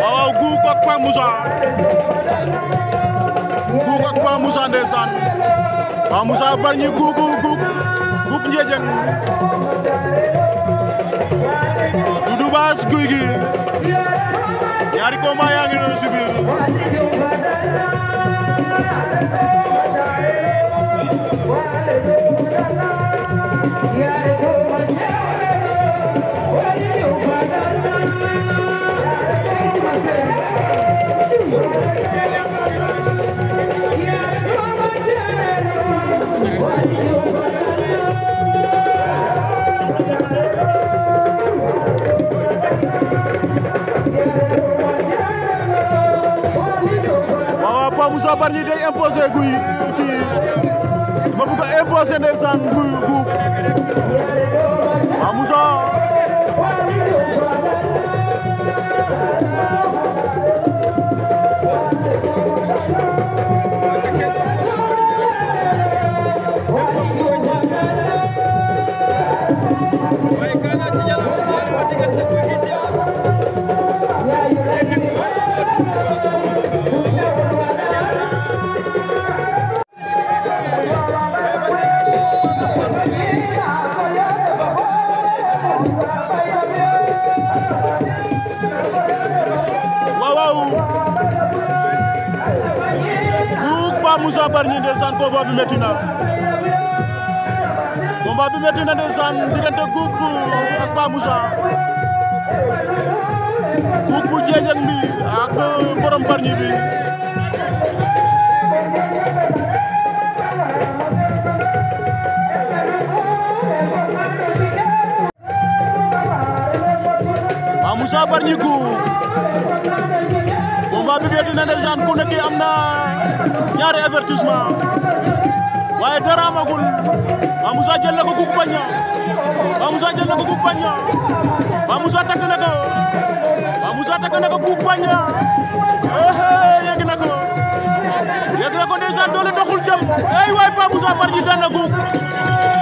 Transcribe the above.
waaw guuk ak Pa Moussa guuk ak Pa Moussa ndeysaan Pa Moussa bari guuk guuk guuk njeejeng Doudou Basse Gouye Gui ñaari combat ngi noonu si Pape Musa Bargny day imposé guy kii dafa bëgg a imposé ndeysaan guy guy Moussa Bargny ndeysaan boobu bi métti na combat bi métti na ndeysaan diggante Gouye Gui ak Pape Moussa Gouye Gui jeejeen bi ak euh, borom barñi bi Pape Moussa barñi gu combat bi métti na ndeysaan ku nekk am na ñaari avertissement waaye dara amagul Mame Moussa jël na ko kuk bañ a Mame Moussa jël na ko kuk bañ a Mame Moussa takk na ko Mame Moussa takk na ko kuk bañ a yegg na ko yegg na ko ndeysaan doole doxul jëm ey eh, waay Mame Moussa bari ji daan na kuk